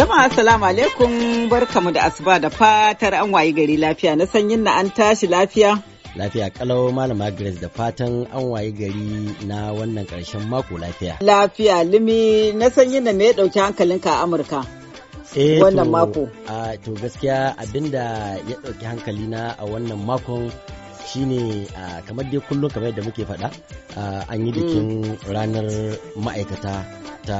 Jama'a salamu alaikum barkamu da asuba da fatar an wayi gari lafiya na sanyin na an tashi lafiya. Lafiya kalau malama Grace da fatan an wayi gari na wannan karshen mako lafiya. Lafiya limi na sanyin na me ya dauki hankalinka a Amurka? Eh, wannan mako. A to gaskiya abinda ya dauki hankali na a wannan makon shine kamar dai kullum kamar yadda muke faɗa an yi bikin mm. ranar ma'aikata ta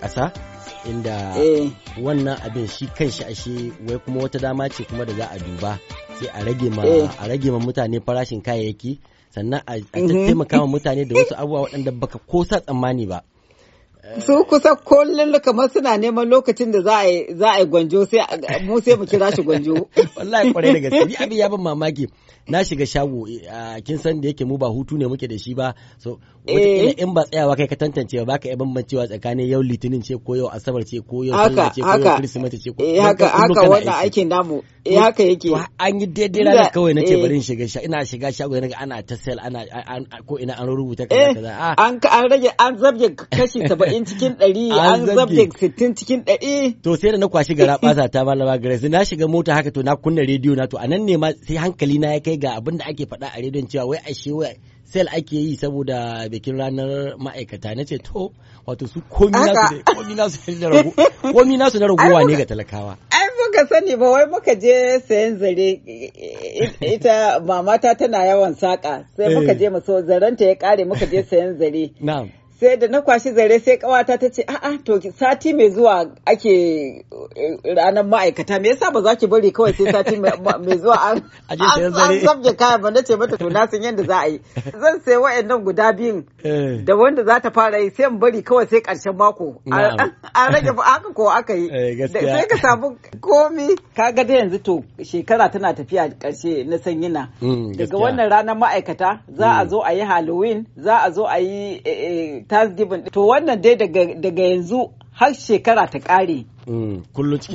ƙasa inda eh. wannan abin shi kanshi ashe wai kuma wata dama ce kuma da za a duba sai a rage ma eh. a rage ma mutane farashin kayayyaki sannan a mhm. taimaka ma mutane da wasu abubuwa waɗanda baka ko sa tsammani ba su kusa kullum kamar suna neman lokacin da za a yi gwanjo sai mu sai mu kira shi gwanjo wallahi kwarai da gaske ni abin ya ban mamaki na shiga shago kin san da yake mu ba hutu ne muke da shi ba so wata eh. in ba tsayawa kai ka tantance ba ka iya bambancewa tsakanin yau litinin ce ko yau asabar ce ko yau sallah ce ko yau kirsimeti ce ko eh, haka haka wannan aikin namu eh haka yake an yi daidai ranar kawai nace eh. bari in shiga ina shiga shago naga ana ta sale ana ko ina an rubuta kaza kaza ah. an rage an zabge kashi 70 saba'in cikin ɗari an zabge sittin cikin ɗari. To sai da na kwashi gara ɓasa ta malama Grace na shiga mota haka to na kunna rediyo na to a nan ne ma sai hankali na ya kai ga abin da ake faɗa a rediyon cewa wai ashe wai sel ake yi saboda bikin ranar ma'aikata na ce to wato su komi nasu na ragu komi nasu na raguwa ne ga talakawa ai muka sani ba wai muka je sayan zare ita mamata tana yawan saka sai eh. muka je mu so zaranta ya kare muka je sayan zare na'am sai da na kwashi zare sai kawata ta ce a'a to sati mai zuwa ake eh, ranar ma'aikata me yasa ba za ki bari kawai sai sati mai zuwa an sabge kaya ba na ce mata to na san yadda za a yi zan sai wa'annan guda biyun eh. da wanda za ta fara yi sai in bari kawai sai karshen mako an rage ba haka ko aka yi eh, sai ka samu komi Ka ga da yanzu to shekara tana tafiya karshe na sanyina mm, daga wannan ranar ma'aikata za a mm. zo a yi halloween za a zo a yi thanksgiving to wannan dai daga yanzu har shekara ta ƙare mm,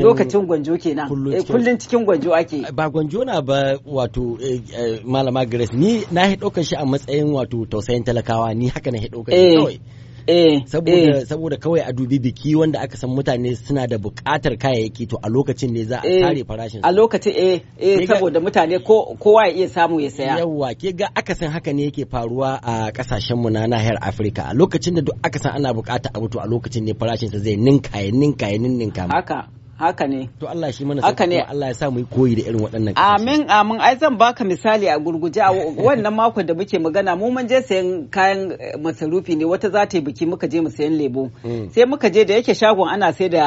lokacin gwanjo kenan eh, kullum cikin gwanjo ake ba gwanjo na ba wato eh, eh, malama grace ni na hi shi a matsayin wato tausayin talakawa ni haka na hi shi kawai Eh, eh. saboda kawai a dubi biki wanda aka san mutane suna da buƙatar kayayyaki to a lokacin ne za a kare eh, farashin a lokacin eh saboda mutane kowa ya iya samu ya saya Yawwa ke ga aka san haka ne yake faruwa a kasashen mu na nahiyar Afirka a lokacin da duk aka san ana buƙatar abu to a lokacin ne farashin sa zai ninka ya ninka ya ninka haka haka ne to Allah shi mana haka ne Allah ya sa mu koyi da irin waɗannan amin amin ai zan baka misali a gurguje a wannan mako da muke magana mu mun je sayan kayan eh, masarufi ne wata za ta yi biki muka je mu sayan lebo hmm. sai muka je da yake shagon ana sai da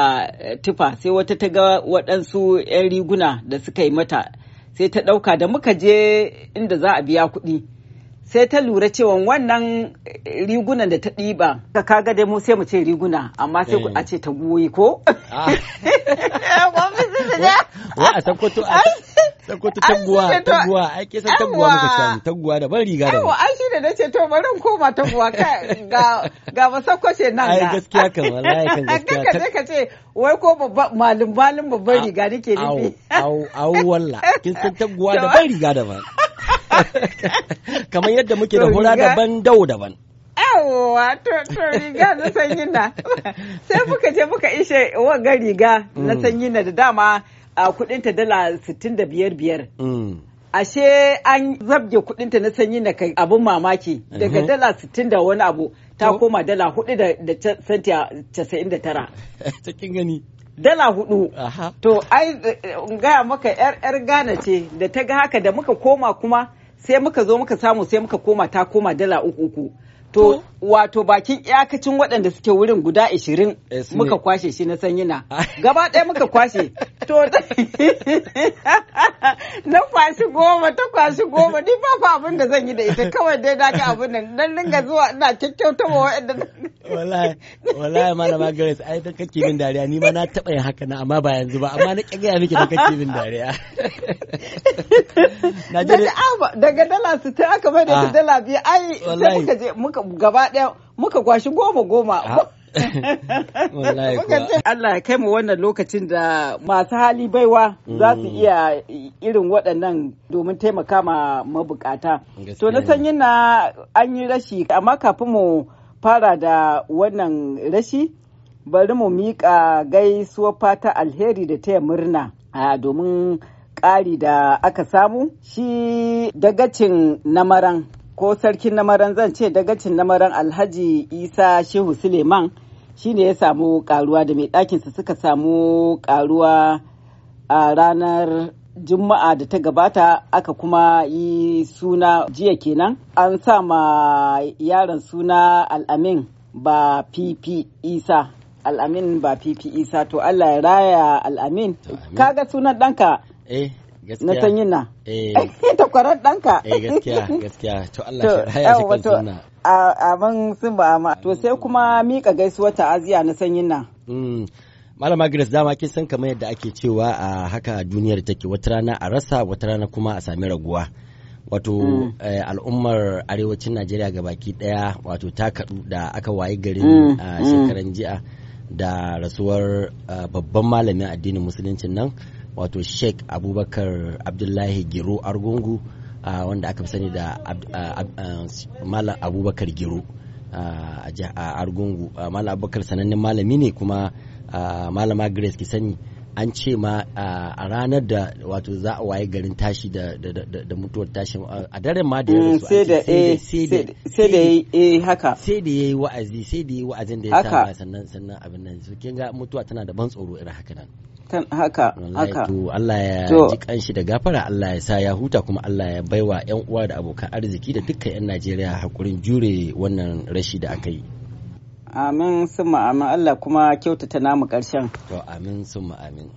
eh, tufa sai wata ta ga waɗansu 'yan riguna da suka yi mata sai ta ɗauka da muka je inda za a biya kuɗi sai ta lura cewa wannan riguna da ta ɗiba ka kaga dai mu sai mu ce riguna amma sai eh. a ce ta goyi ko ah. wa a sakkwato a sakkwato taguwa taguwa ai ke san taguwa muka ce taguwa da ban riga da ai shi da nace to barin koma taguwa ga ga masakkwace nan ai gaskiya kan wallahi kan gaskiya ka ka ce wai ko malum malum babban ah, riga nake nufi au au walla kin san taguwa da ban riga da ban kamar yadda muke da hura daban dau daban yawwa to riga na sanyi na sai muka je muka ishe ga riga na mm. sanyi na da dama kudinta dala sittin da biyar biyar mm. ashe an zabge kudinta na sanyi na kai abin mamaki daga mm-hmm. dala sittin da wani abu ta koma dala hudu da senti casa'in da tara cikin gani dala hudu to ai eh, eh, gaya maka yar gana ce da ta ga haka da muka koma kuma sai muka zo muka samu sai muka koma ta koma dala uku uku To, wato bakin iyakacin waɗanda suke wurin guda ashirin eh, muka kwashe shi na sanyina. Gaba ɗaya muka kwashe. To, na kwashi goma, ta kwashi goma, ni ba fa abin da zan yi da ita kawai dai na ga abin nan, dan dinga zuwa ina kyakkyauta wa waɗanda. Wallahi, wallahi malama Grace, ai ta kake min dariya, ni ma na taɓa yin haka na amma ba yanzu ba, amma na kyagaya miki da kake min dariya. Daga dala su ta aka mai da ah, dala biyu, ai sai muka je muka muka gaba ɗaya muka gwashi goma goma. Ah. Allah ya kai mu wannan lokacin da masu hali baiwa za su mm. iya irin waɗannan domin taimaka ma mabukata. To na san na an yi rashi amma kafin mu fara da wannan rashi bari mu miƙa gaisuwar fata alheri da taya murna domin ƙari da aka samu shi dagacin namaran ko sarkin namaran zan ce dagacin namaran alhaji isa shehu suleiman shine ya samu karuwa da mai ɗakinsa suka samu karuwa a ranar juma'a da ta gabata aka kuma yi suna jiya kenan an sa ma yaron suna al'amin ba pipi isa al'amin ba pipi isa to allah ya raya al'amin kaga sunan ɗanka eh. na sanyin na eh. eh, kwarar ɗanka eh, gaskiya gaskiya to Allah shi haya shi kan a abin sun ba ma to sai kuma mika gaisuwar ta'aziya na sanyin na mm. Malama Grace dama kin san kamar yadda ake cewa a haka duniyar take wata rana a rasa wata rana kuma a sami raguwa. Wato mm. al'ummar arewacin Najeriya ga baki daya wato ta kaɗu da aka waye garin mm, shekaran jiya da rasuwar babban malamin addinin musulunci nan. wato sheikh abubakar abdullahi giro argungu wanda aka fi sani da malam abubakar giro a argungu malam abubakar sanannen malami ne kuma malama grace ki sani an ce ma a ranar da wato za a waye garin tashi da mutuwar tashi a daren ma da ya mm, rasu eh, sai da sai da eh haka sai da yayi wa'azi sai da yayi wa'azin da ya sa sannan sannan abin nan su kin ga mutuwa tana da ban tsoro irin haka nan haka haka to Allah ya ji kanshi da gafara Allah ya sa ya huta kuma Allah ya baiwa yan uwa da abokan arziki da dukkan yan Najeriya hakurin jure wannan rashi da aka yi amin summa amin Allah kuma kyautata namu karshen to amin summa amin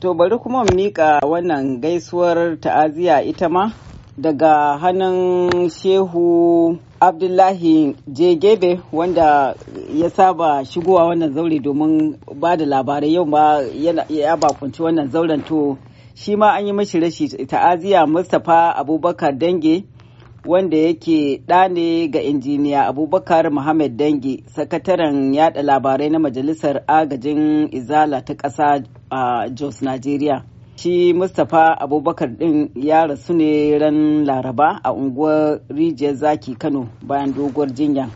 to bari kuma mu mika wannan gaisuwar ta'aziya ita ma daga hannun shehu abdullahi jegebe wanda ya saba shigowa wannan zaure domin ba da labarai yau ma ya bakunci wannan zauren to shi ma an yi mashi rashi ta'aziya mustapha abubakar dange wanda yake ɗa ga injiniya abubakar muhammad dange sakataren yada labarai na majalisar agajin izala ta ƙasa a jos nigeria shi mustapha abubakar din ya rasu ne ran laraba a unguwar rijiyar zaki kano bayan doguwar jinya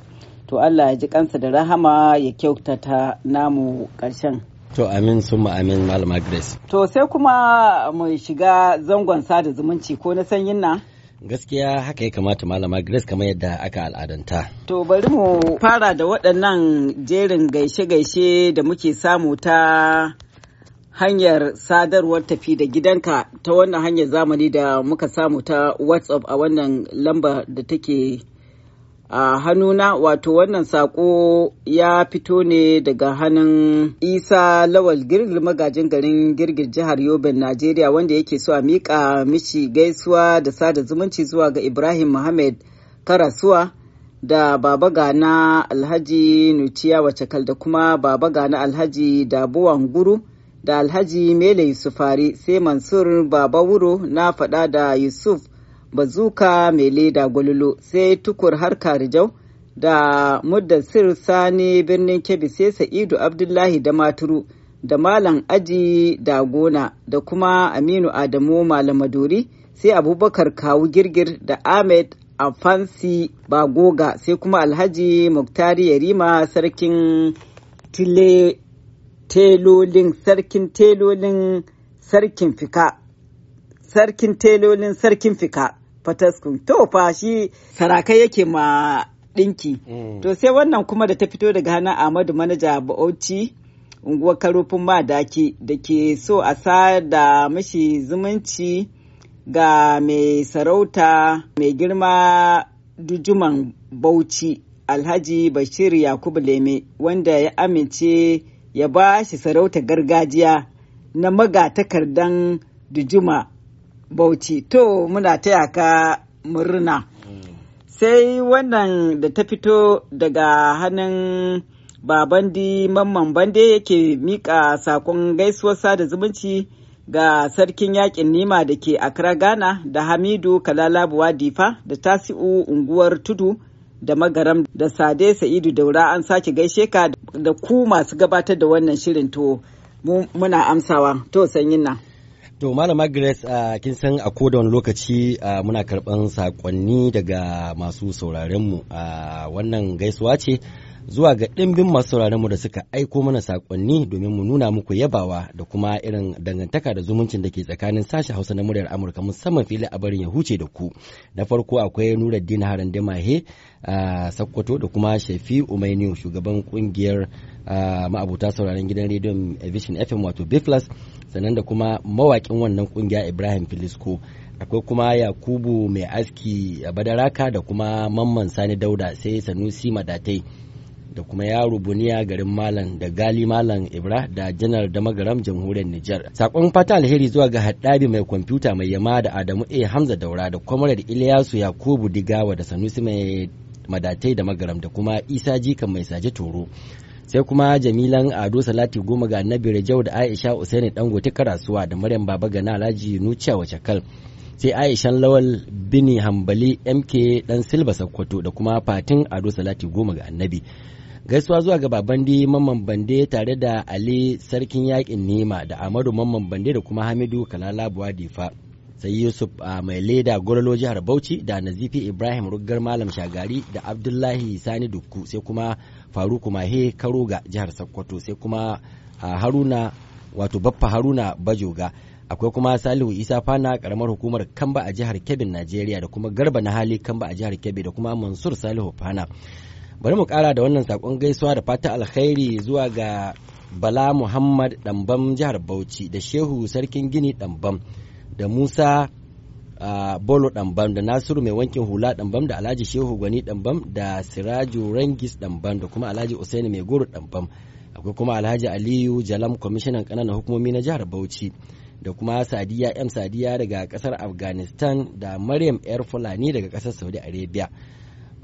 to allah ya ji kansa da rahama ya kyautata namu karshen to amin suma amin malama grace to sai kuma mu shiga zangon sada zumunci ko na sanyin nan? gaskiya haka ya kamata malama grace kamar yadda aka al'adanta to bari mu fara da waɗannan jerin gaishe-gaishe da muke samu ta hanyar sadarwar tafi da gidanka ta wannan hanyar zamani da muka samu ta whatsapp a wannan lamba da take a hannuna wato wannan sako ya fito ne daga hannun isa lawal girgir magajin garin girgir jihar yobin najeriya wanda yake so a miƙa mishi gaisuwa da sada zumunci zuwa ga ibrahim muhammad karasuwa da baba gana alhaji nuciya wacekal da kuma baba gana alhaji dabuwan guru da alhaji mele yusufari sai mansur baba wuro na faɗa da yusuf bazuka mele da gwalolo sai tukur har karijau da Sir sani birnin kebbi sai sa'idu abdullahi da maturu da malam aji da gona da kuma aminu adamu malamadori sai abubakar kawu girgir da ahmed afansi bagoga sai kuma alhaji muktari yarima sarkin tile telolin sarkin telolin sarkin fika sarkin telolin sarkin fika fataskun to fa shi sarakai yake ma dinki, mm. to sai wannan kuma da ta fito daga hana ahmadu manaja bauchi unguwar karofin madaki da ke so a sa da mashi zumunci ga mai sarauta mai girma dujuman bauchi alhaji bashir yakubu leme wanda ya amince ya ba shi sarauta gargajiya na magatakardan dujuma bauchi to muna taya ka murna sai wannan da ta fito daga hannun babandi mamman bande yake mika sakon gaisuwar sada zumunci ga sarkin yakin nima da ke Accra Ghana da Hamidu Kalalabuwa Difa da Tasi'u unguwar Tudu da magaram da sade sa'idu daura an sake gaishe ka da ku masu gabatar da wannan shirin to muna amsawa to sanyin nan To Malama Grace uh, kin san a wani lokaci uh, muna karban saƙonni daga masu sauraren mu uh, wannan gaisuwa ce zuwa ga ɗimbin masu mu da suka aiko mana saƙonni domin mu nuna muku yabawa da kuma irin dangantaka da zumuncin da ke tsakanin sashi hausa na muryar amurka musamman fili a barin ya huce da ku na farko akwai nuruddin haran da mahe a sakkwato da kuma shafi umainiyu shugaban kungiyar ma'abuta sauraron gidan rediyon vision fm wato Biflas plus sannan da kuma mawakin wannan kungiya ibrahim filisko akwai kuma yakubu mai aski badaraka da kuma mamman sani dauda sai sanusi madatai da kuma yaro buniya garin malam da gali malam ibra da janar da magaram jamhuriyar nijar sakon fata alheri zuwa ga haɗari mai kwamfuta mai yama da adamu a hamza daura da kwamarar iliyasu yakubu digawa da sanusi mai madatai da magaram da kuma isa jikan mai saje toro sai kuma jamilan ado salati goma ga annabi rajau da aisha usaini dangote karasuwa da maryam baba gana alhaji nuciya wace kal sai aishan lawal bini hambali mk dan silba sakkwato da kuma fatin ado salati goma ga annabi gaisuwa zuwa ga babandi mamman bande tare da ali sarkin yakin nema da amadu mamman bande da kuma hamidu kalala buwadifa sai yusuf a mai leda gololo jihar bauchi da nazifi ibrahim ruggar malam shagari da abdullahi sani duku sai kuma faruku mahe karuga jihar sokoto sai kuma haruna wato baffa haruna bajoga akwai kuma salihu isa fana karamar hukumar kamba a jihar kebin najeriya da kuma garba na hali kamba a jihar kebbi da kuma mansur salihu fana bari mu kara da wannan sakon gaisuwa da fata alkhairi zuwa ga bala muhammad dambam jihar bauchi da shehu sarkin gini dambam da musa uh, bolo dambam da nasiru mai wankin hula dambam da alhaji shehu gwani dambam da siraju rangis dambam da kuma alhaji usaini mai goro dambam akwai kuma alhaji aliyu jalam kwamishinan kananan hukumomi na jihar bauchi da kuma sadiya m sadiya daga kasar afghanistan da maryam yar fulani daga kasar saudi arabia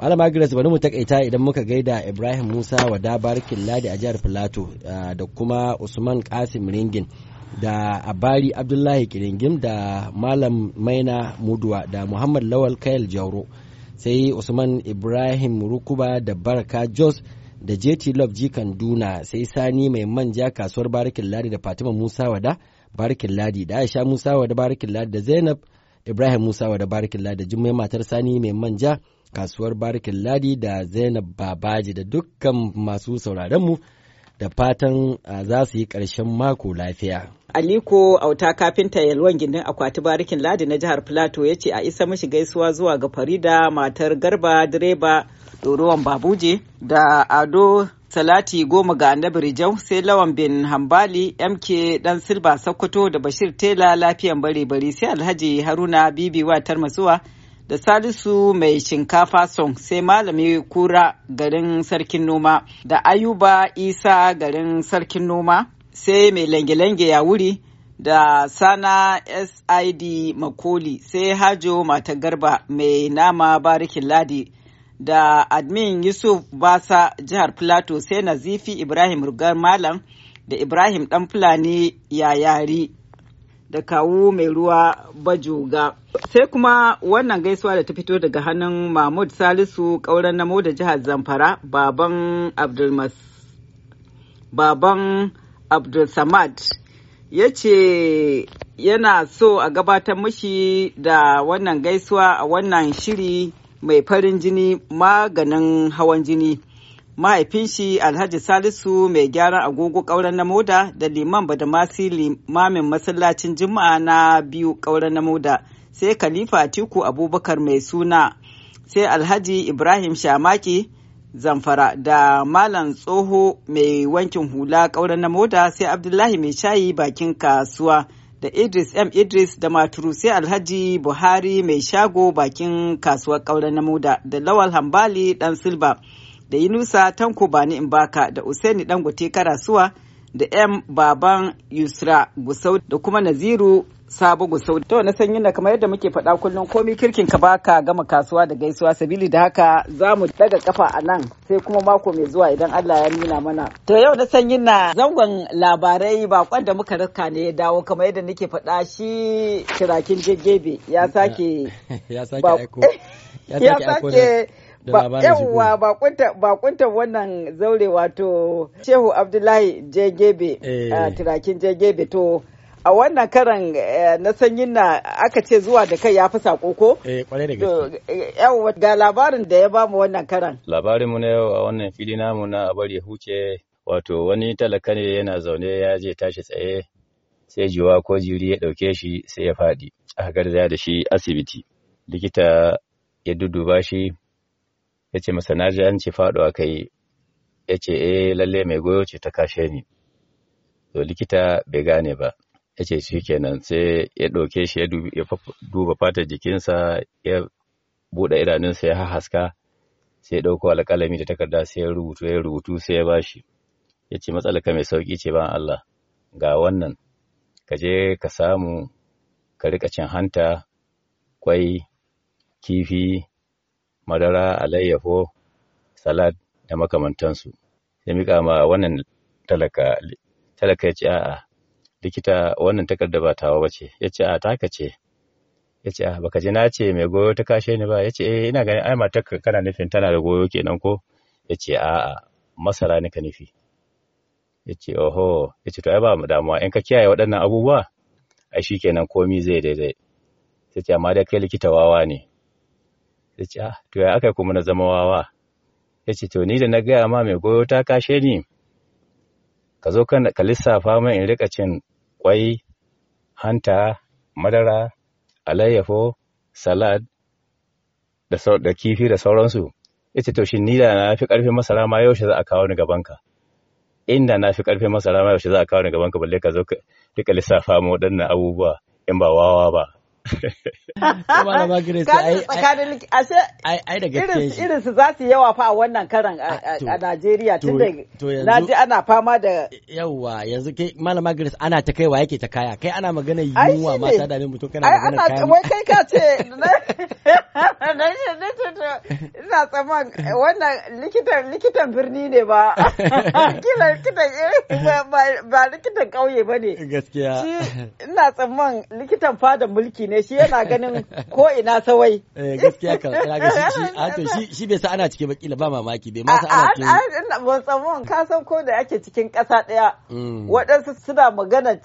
malama grace bari mu takaita idan muka gaida ibrahim musa wa barikin ladi a jihar filato ah, da kuma usman kasim ringin da abari abdullahi kiringim da malam maina muduwa da muhammad lawal kayal jauro sai usman ibrahim rukuba da baraka jos da jt love jikan duna sai sani mai manja kasuwar barikin ladi da fatima musa wada barikin ladi da aisha musa wada barikin ladi da zainab ibrahim musa wada barikin ladi da jummai matar sani mai manja kasuwar barikin ladi da zainab babaji da dukkan masu sauraronmu da fatan za su yi ƙarshen mako lafiya. Aliko Auta kafinta yalwan gindin akwati barikin ladi na jihar Filato ya ce a isa mishi gaisuwa zuwa ga Farida matar Garba direba Doruwan Babuje da Ado Salati goma ga annabi Rijau sai Lawan bin Hambali MK dan Silba Sokoto da Bashir Tela lafiyan bare bare sai Alhaji Haruna Bibi watar masuwa da Salisu mai shinkafa song sai malami kura garin sarkin noma da Ayuba Isa garin sarkin noma sai mai lange-lange ya wuri da sana SID Makoli sai Hajo Mata Garba mai nama barikin ladi da admin Yusuf Basa jihar Plateau sai Nazifi Ibrahim Rugar Malam da Ibrahim Ɗan Fulani Yayari da kawu mai ruwa bajoga sai kuma wannan gaisuwa da ta fito daga hannun mahmud salisu ƙauren namo da jihar zamfara baban abdulmas baban abdulsamad ya ce yana so a gabatar mashi da wannan gaisuwa a wannan shiri mai farin jini maganin hawan jini Mahaifinshi shi alhaji salisu mai gyaran agogo ƙauren na moda da liman badamasi limamin masallacin juma'a na biyu ƙauren na moda sai khalifa tiku abubakar mai suna sai alhaji ibrahim shamaki zamfara da malam tsoho mai wankin hula ƙauren na moda sai abdullahi mai shayi bakin kasuwa da idris m idris da maturu sai alhaji buhari mai shago bakin kasuwar ƙauren na moda da lawal hambali dan silba da Yunusa Tanko Bani in Imbaka da Usaini Dangote Karasuwa da M Baban Yusra Gusau da kuma Naziru Sabo Gusau. To na san yinda kamar yadda muke faɗa kullum komi kirkin ka baka gama kasuwa da gaisuwa sabili da haka za mu daga kafa a nan sai kuma mako mai zuwa idan Allah ya nuna mana. To yau na san na zangon labarai bakon da muka raka ne ya dawo kamar yadda nake faɗa shi kirakin jegebe ya sake ya sake yawwa bakunta wannan zaure wato shehu abdullahi jegebe eh. ah, turakin jegebe to a wannan karan eh, na sanyin na aka ce zuwa da kai ya fi sako ko? Eh, da Yawwa ga labarin da ya bamu wannan karan. Labarin mu na yau a wannan fili namu na bari huce wato wani talaka ne yana zaune ya je tashi tsaye sai jiwa ko jiri ya ɗauke shi sai ya faɗi aka garzaya da shi asibiti likita ya duduba shi ya ce masa na ji an ce faɗo aka yi ya ce eh lalle mai goyo ce ta kashe ni to likita bai gane ba ya ce shi kenan sai ya ɗauke shi ya duba fatar jikinsa ya buɗe idanunsa ya haska sai ya ɗauko alƙalami da takarda sai ya rubutu ya rubutu sai ya bashi ya ce ka mai sauƙi ce ban Allah ga wannan ka je ka samu ka riƙa cin hanta kwai kifi madara alayyafo salad da makamantansu sai mika ma wannan talaka talaka ya ce a'a likita wannan takarda ba tawa bace ya ce a taka ce ya ce a baka ji na ce mai goyo ta kashe ni ba ya ce eh ina ganin ai matar kana nufin tana da goyo kenan ko ya ce a'a masara nika nufi ya ce oho ya ce to ai ba mu damuwa in ka kiyaye waɗannan abubuwa ai kenan komi zai daidai sai ce amma dai kai likita wawa ne ya ce ah, to ya aka kuma na zama wawa ya ce to ni da na gaya ma mai goyo ta kashe ni ka zo ka lissafa min in rika cin kwai hanta madara alayyafo salad da, da kifi da sauransu ya ce to shi ni da na fi karfin masara ma yaushe za a kawo ni gabanka inda na fi karfin masara ma yaushe za a kawo ni gabanka balle ka zo ka rika lissafa ma waɗannan abubuwa in ba wawa ba Malama Grace ai tsakanin ashe ai da gaske shi. Irin su za su yawa fa a wannan karan a Najeriya tun da na ji ana fama da yawa yanzu ke Malama Grace ana ta kaiwa yake ta kaya kai ana magana yunwa ma ta dame mutum kana magana kaya. Wai kai ka ce ina tsaman wannan likitan likitan birni ne ba eh, ba likitan kauye ba ne. Gaskiya. Ina tsaman likitan fada mulki ne shi yana ganin ko ina sawai eh gaskiya kan ina ga shi a to shi shi bai sa ana cike ba kila ba mamaki bai ma sa ana cike ban tsamon ka san ko da yake cikin ƙasa ɗaya mm. waɗansu suna magana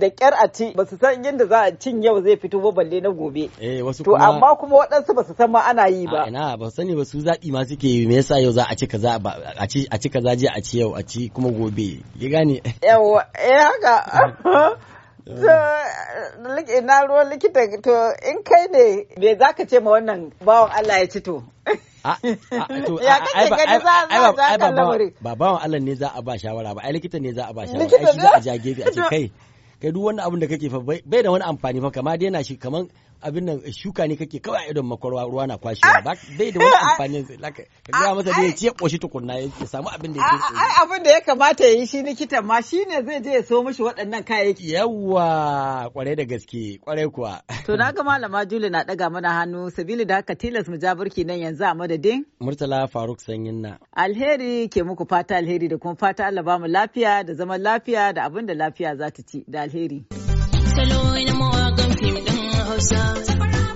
da ƙyar a ci ba su san yadda za a cin yau zai fito ba balle na gobe eh wasu to amma kuma waɗansu ba su san ma ana yi ba ina ba su sani ba su zaɓi ma suke yi me yasa yau za a ci kaza a ci a ci kaza je a ci yau a ci kuma gobe ya gane yawa eh haka eh. na ruwan likita to in kai ne me za ka ce ma wannan bawan Allah ya ci to. Ya kake gani za a za ka Ba bawan Allah ne za a ba shawara ba, ai likita ne za a ba shawara, ai shi za a jage a ce kai. Kai duk wani abin da kake fa bai da wani amfani fa kama daina shi kaman abin nan eh, shuka ne kake kawai a idon makwarwa ruwa na kwashewa ba bai da wani amfani sai ka ga masa da ya ce koshi tukunna ya samu abin da ya ke ai abin da ya kamata ya yi shi likitan ma shine zai je ya so mishi waɗannan kayayyaki yawa kwarai da gaske kwarai kuwa to na ga malama Juli na daga mana hannu sabili da haka tilas mu ja burki nan yanzu a madadin Murtala Faruk Sanyin na alheri ke muku fata alheri da kuma fata Allah ba mu lafiya da zaman lafiya da abin da lafiya za ta ci da alheri salo ina gan fim themselves.